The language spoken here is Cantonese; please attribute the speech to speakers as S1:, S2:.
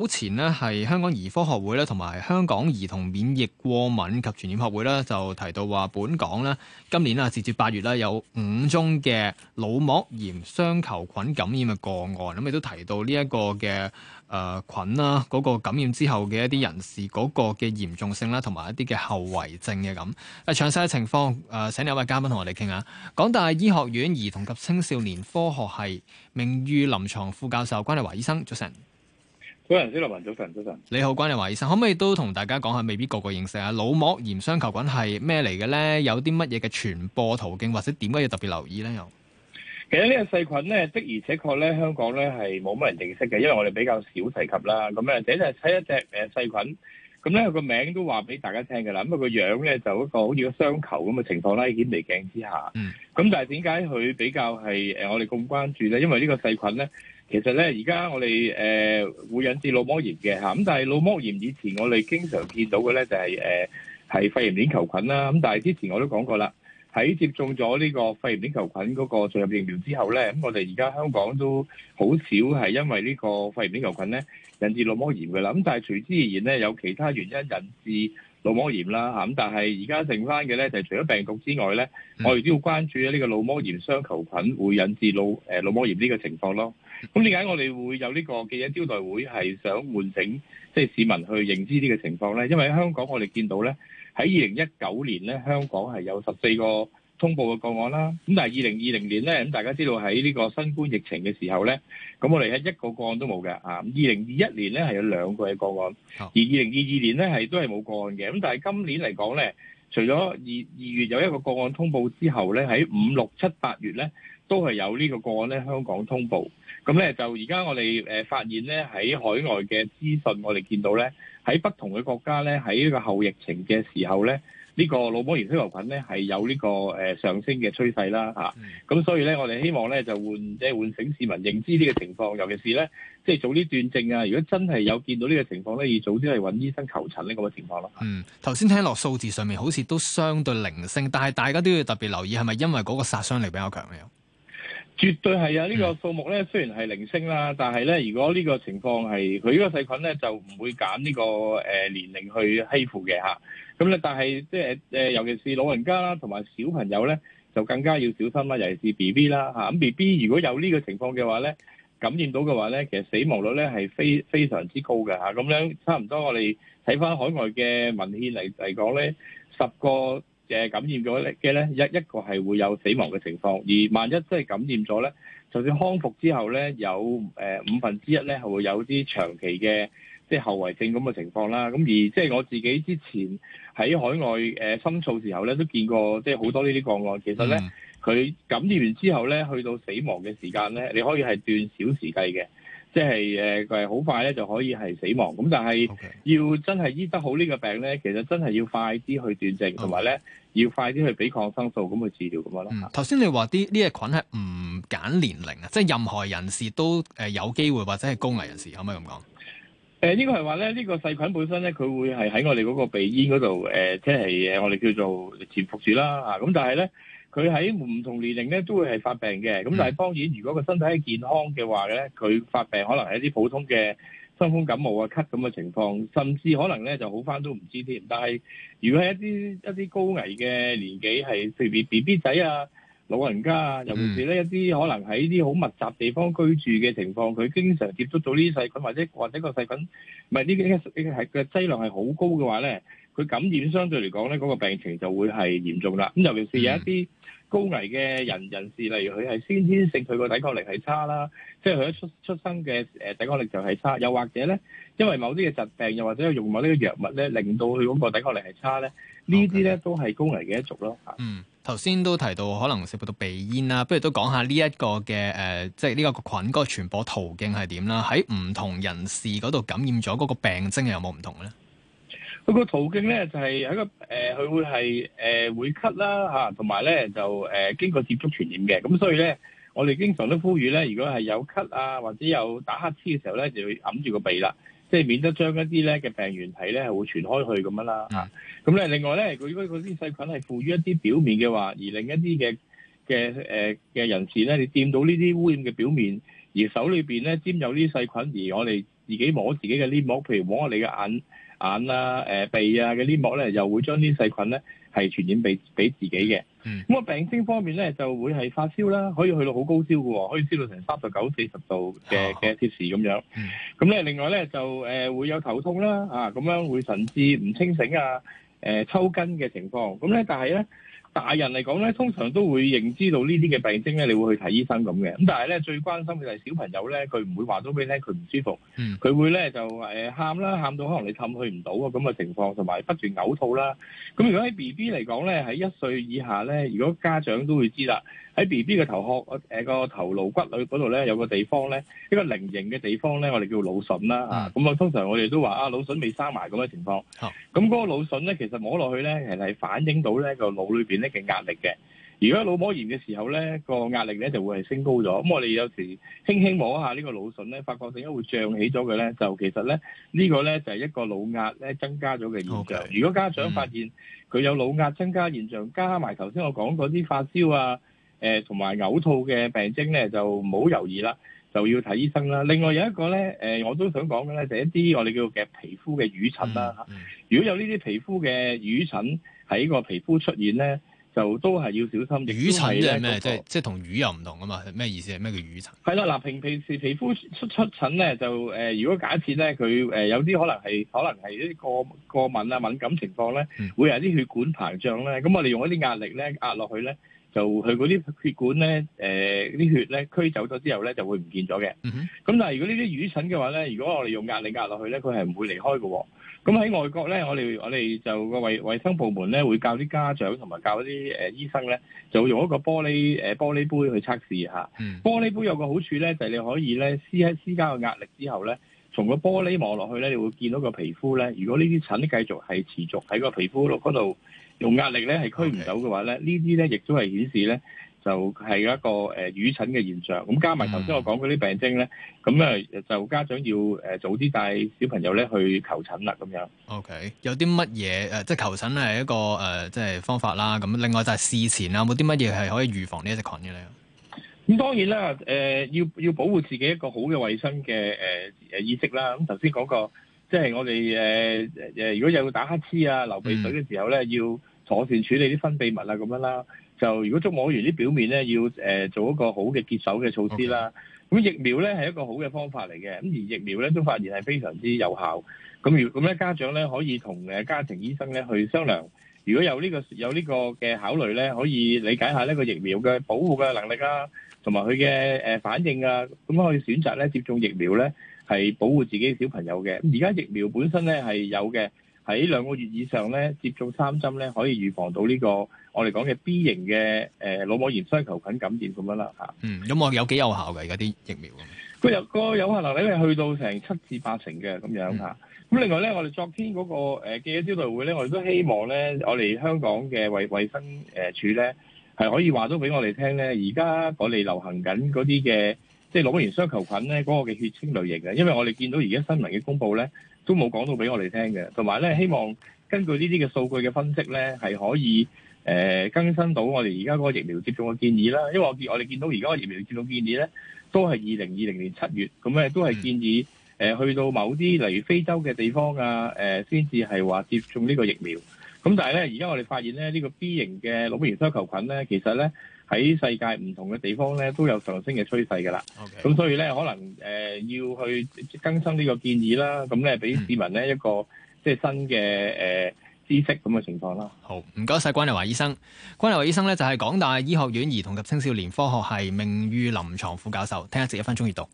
S1: 目前咧，係香港兒科學會咧，同埋香港兒童免疫過敏及傳染學會咧，就提到話本港咧今年啊，截至八月咧有五宗嘅腦膜炎雙球菌感染嘅個案，咁亦都提到呢一個嘅誒、呃、菌啦，嗰、那個感染之後嘅一啲人士嗰個嘅嚴重性啦，同埋一啲嘅後遺症嘅咁。誒詳細嘅情況，誒請兩位嘉賓同我哋傾下。港大醫學院兒童及青少年科學系名譽臨床副教授關日華醫生，早晨。
S2: 早晨，早晨，
S1: 你好，關日華醫生，可唔可以都同大家講下，未必個個，個認識啊？腦膜炎雙球菌係咩嚟嘅咧？有啲乜嘢嘅傳播途徑，或者點解要特別留意咧？又，其
S2: 實個細呢個細菌咧，的而且確咧，香港咧係冇乜人認識嘅，因為我哋比較少提及啦。咁咧，第一就係睇一隻誒細菌，咁咧佢個名都話俾大家聽嘅啦。咁佢個樣咧，就一個好似個雙球咁嘅情況啦，喺顯微鏡之下。嗯。咁但係點解佢比較係誒我哋咁關注咧？因為個細呢個細菌咧。其實咧，而家我哋誒、呃、會引致腦膜炎嘅嚇，咁但係腦膜炎以前我哋經常見到嘅咧就係誒係肺炎鏈球菌啦，咁但係之前我都講過啦，喺接種咗呢個肺炎鏈球菌嗰個注射疫苗之後咧，咁我哋而家香港都好少係因為呢個肺炎鏈球菌咧引致腦膜炎嘅啦，咁但係隨之而然咧有其他原因引致。腦膜炎啦嚇，咁但係而家剩翻嘅咧，就係除咗病毒之外咧，我哋都要關注呢個腦膜炎雙球菌會引致腦誒腦膜炎呢個情況咯。咁點解我哋會有呢個記者招待會係想喚醒即係市民去認知呢個情況咧？因為香港我哋見到咧喺二零一九年咧，香港係有十四個，通報嘅個案啦，咁但係二零二零年咧，咁大家知道喺呢個新冠疫情嘅時候咧，咁我哋係一個個案都冇嘅啊。二零二一年咧係有兩個嘅個案，而二零二二年咧係都係冇個案嘅。咁但係今年嚟講咧，除咗二二月有一個個案通報之後咧，喺五六七八月咧都係有呢個個案咧，香港通報。咁咧就而家我哋誒發現咧喺海外嘅資訊我，我哋見到咧喺不同嘅國家咧喺呢個後疫情嘅時候咧。個呢、這個腦膜炎雙球菌咧係有呢個誒上升嘅趨勢啦嚇，咁、啊嗯、所以咧我哋希望咧就換即係換醒市民認知呢個情況，尤其是咧即係早啲斷症啊！如果真係有見到呢個情況咧，要早啲去揾醫生求診呢個情況咯。嗯，
S1: 頭先聽落數字上面好似都相對零星，但係大家都要特別留意係咪因為嗰個殺傷力比較強咧？
S2: 絕對係啊！呢、這個數目咧雖然係零星啦，但係咧如果呢個情況係佢呢個細菌咧就唔會揀呢、這個誒、呃、年齡去欺負嘅吓，咁、啊、咧但係即係誒，尤其是老人家啦，同埋小朋友咧就更加要小心啦。尤其是 B B 啦吓，咁 B B 如果有呢個情況嘅話咧，感染到嘅話咧，其實死亡率咧係非非常之高嘅吓，咁、啊、樣差唔多我哋睇返海外嘅文獻嚟嚟講咧，十個。誒感染咗咧嘅咧一一個係會有死亡嘅情況，而萬一真係感染咗咧，就算康復之後咧，有誒五分之一咧，係會有啲長期嘅即係後遺症咁嘅情況啦。咁而即係我自己之前喺海外誒、呃、深造時候咧，都見過即係好多呢啲個案。其實咧，佢感染完之後咧，去到死亡嘅時間咧，你可以係斷小時計嘅。即係誒，佢係好快咧就可以係死亡。咁但係要真係醫得好呢個病咧，其實真係要快啲去斷症，同埋
S1: 咧要快啲去俾抗生素咁去治療咁、嗯、樣咯。頭先你話啲呢個菌係唔揀年齡啊，即係任何人士都誒有機會或者係高危人士可唔可以咁講？誒、呃、應
S2: 該係話咧，呢、呢個細菌本身咧，佢會係喺我哋嗰個鼻咽嗰度誒，即、呃、係、即係、我哋叫做潛伏住啦啊。咁但係咧。佢喺唔同年齡咧都會係發病嘅，咁但係當然，如果個身體係健康嘅話咧，佢發病可能係一啲普通嘅傷風感冒啊、咳咁嘅情況，甚至可能咧就好翻都唔知添。但係如果係一啲一啲高危嘅年紀，係譬如 BB 仔啊，老人家啊，尤其是呢一啲可能喺啲好密集地方居住嘅情況，佢經常接觸到呢啲細菌，或者或者個細菌唔係呢啲係個劑量係好高嘅話咧，佢感染相對嚟講咧，嗰個病情就會係嚴重啦。咁尤其是有一啲高危嘅人人士，例如佢係先天性佢個抵抗力係差啦，即係佢一出出生嘅誒抵抗力就係差，又或者咧因為某啲嘅疾病，又或者用某啲嘅藥物咧，令到佢嗰個抵抗力係差咧，呢啲咧 Okay. 都
S1: 係高危嘅一族咯。嗯。Mm. 頭先都提到可能食到鼻煙啦，不如都講下呢一個嘅誒、呃，即係呢個菌嗰個傳播途徑係點啦？喺唔同人士嗰度感染咗嗰個病徵係有冇唔同嘅
S2: 咧？佢個途徑咧就係、是、喺個誒，佢、呃、會係誒、呃、會咳啦嚇，同埋咧就誒、呃、經過接觸傳染嘅，咁所以咧我哋經常都呼籲咧，如果係有咳啊或者有打乞嗤嘅時候咧，就要揞住個鼻啦。即係免得將一啲咧嘅病原體咧係會傳開去咁樣啦嚇。咁咧、嗯、另外咧，佢嗰嗰啲細菌係附於一啲表面嘅話，而另一啲嘅嘅誒嘅人士咧，你掂到呢啲污染嘅表面，而手裏邊咧沾有呢啲細菌，而我哋自己摸自己嘅黏膜，譬如摸下你嘅眼眼啊、誒、呃、鼻啊嘅黏膜咧，又會將啲細菌咧。係傳染俾俾自己嘅，咁啊、mm. 病徵方面咧就會係發燒啦，可以去到好高燒嘅，可以燒到成三十九、四十度嘅嘅 t 咁樣。咁咧、mm. 另外咧就誒、呃、會有頭痛啦，啊咁樣會神志唔清醒啊，誒、呃、抽筋嘅情況。咁咧但係咧。大人嚟講咧，通常都會認知到呢啲嘅病徵咧，你會去睇醫生咁嘅。咁但係咧，最關心嘅就係小朋友咧，佢唔會話咗俾你聽佢唔舒服，佢、mm. 會咧就誒喊、呃、啦，喊到可能你氹佢唔到嘅咁嘅情況，同埋不斷嘔吐啦。咁如果喺 B B 嚟講咧，喺一歲以下咧，如果家長都會知啦，喺 B B 嘅頭殼誒個、呃、頭顱骨裏嗰度咧，有個地方咧，一個菱形嘅地方咧，我哋叫腦囟啦咁啊、嗯，通常我哋都話啊，腦囟未生埋咁嘅情況。咁嗰、mm. 個腦囟咧，其實摸落去咧，其實係反映到咧個腦裏邊咧，嘅壓力嘅，如果腦膜炎嘅時候咧，個壓力咧就會係升高咗。咁我哋有時輕輕摸下呢個腦囟咧，發覺成日會脹起咗佢咧，就其實咧呢、呢個咧就係一個腦壓咧增加咗嘅現象。Okay. 如果家長發現佢有腦壓增加現象，加埋頭先我講嗰啲發燒啊，誒同埋嘔吐嘅病徵咧，就唔好猶豫啦，就要睇醫生啦。另外有一個咧，誒、呃、我都想講嘅咧，就一啲我哋叫嘅皮膚嘅瘀疹啦。 如果有呢啲皮膚嘅瘀疹喺個皮膚出現咧，就都係要小心啲。瘀疹、那個、即係咩？
S1: 即係即係同瘀又唔同啊嘛？係咩意思？係咩叫瘀疹？
S2: 係啦，嗱，平平時皮膚出出疹咧，就誒、呃，如果假設咧，佢誒有啲可能係一可能係啲過過敏啊、敏感情況咧，會有啲血管膨脹咧，咁我哋用一啲壓力咧壓落去咧。就佢嗰啲血管咧，誒、呃、啲血咧驅走咗之後咧，就會唔見咗嘅。咁、mm hmm. 但係如果呢啲瘀疹嘅話咧，如果我哋用壓力壓落去咧，佢係唔會離開嘅、哦。咁喺外國咧，我哋我哋就個衞衞生部門咧，會教啲家長同埋教啲誒醫生咧，就會用一個玻璃誒、呃、玻璃杯去測試吓。Mm hmm. 玻璃杯有個好處咧，就係、是、你可以咧施施加個壓力之後咧，從個玻璃望落去咧，你會見到個皮膚咧。如果呢啲疹繼續係持續喺個皮膚度。用壓力咧係驅唔走嘅話咧，呢啲咧亦都係顯示咧就係一個誒魚疹嘅現象。咁加埋頭先我講嗰啲病徵咧，咁誒、嗯、就家長要誒早啲帶小朋友咧去求診啦。咁樣。
S1: OK 有。有啲乜嘢誒，即係求診係一個誒、呃，即係方法啦。咁另外就係事前啦，冇啲乜嘢係可以預防一呢一隻菌嘅咧？咁、嗯、當然啦，
S2: 誒、呃、要要保護自己一個好嘅衞生嘅誒誒意識啦。咁頭先講過即係我哋誒誒，如果有打乞嗤啊、流鼻水嘅時候咧，要妥善處理啲分泌物啊，咁樣啦。就如果觸摸完啲表面咧，要誒、呃、做一個好嘅潔手嘅措施啦。咁 Okay. 疫苗咧係一個好嘅方法嚟嘅。咁而疫苗咧都發現係非常之有效。咁如咁咧家長咧可以同誒家庭醫生咧去商量。如果有、這個、有個呢個有呢個嘅考慮咧，可以理解下呢個疫苗嘅保護嘅能力啊，同埋佢嘅誒反應啊，咁可以選擇咧接種疫苗咧係保護自己小朋友嘅。而家疫苗本身咧係有嘅。喺兩個月以上咧，接種三針咧，可以預防到呢個我哋講嘅 B 型嘅誒腦膜炎雙球菌感染，咁樣啦嚇。呃、嗯，有冇有幾有效嘅而家啲疫苗？佢、嗯、有個有效率咧係去到成七至八成嘅咁樣嚇。咁、嗯、另外咧，我哋昨天嗰、那個誒、呃、記者招待會咧，我哋都希望咧，我哋香港嘅衛衞生誒處咧，係可以話到俾我哋聽咧，而家我哋流行緊嗰啲嘅即係腦膜炎雙球菌咧嗰、那個嘅血清類型嘅，因為我哋見到而家新聞嘅公佈咧。都冇講到俾我哋聽嘅，同埋咧希望根據呢啲嘅數據嘅分析咧，係可以誒、呃、更新到我哋而家嗰個疫苗接種嘅建議啦。因為我見我哋見到而家個疫苗接種建議咧，都係二零二零年七月，咁、嗯、咧、嗯、都係建議誒、呃、去到某啲例如非洲嘅地方啊，誒先至係話接種呢個疫苗。咁但係咧，而家我哋發現咧，呢、呢個 B 型嘅腦膜炎雙球菌咧，其實咧。喺世界唔同嘅地方咧，都有上升嘅趨勢噶啦。咁 Okay, okay. 所以咧，可能誒、呃、要去更新呢個建議啦。咁咧，俾市民呢一個、嗯、即係新嘅誒、呃、知識咁嘅
S1: 情況啦。好，唔該晒，關日華醫生。關日華醫生咧就係港大醫學院兒童及青少年科學系名譽臨床副教授。聽日直一分鐘閱讀。